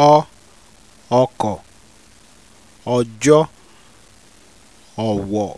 ọ ọkọ̀ ọjọ́ ọ̀wọ̀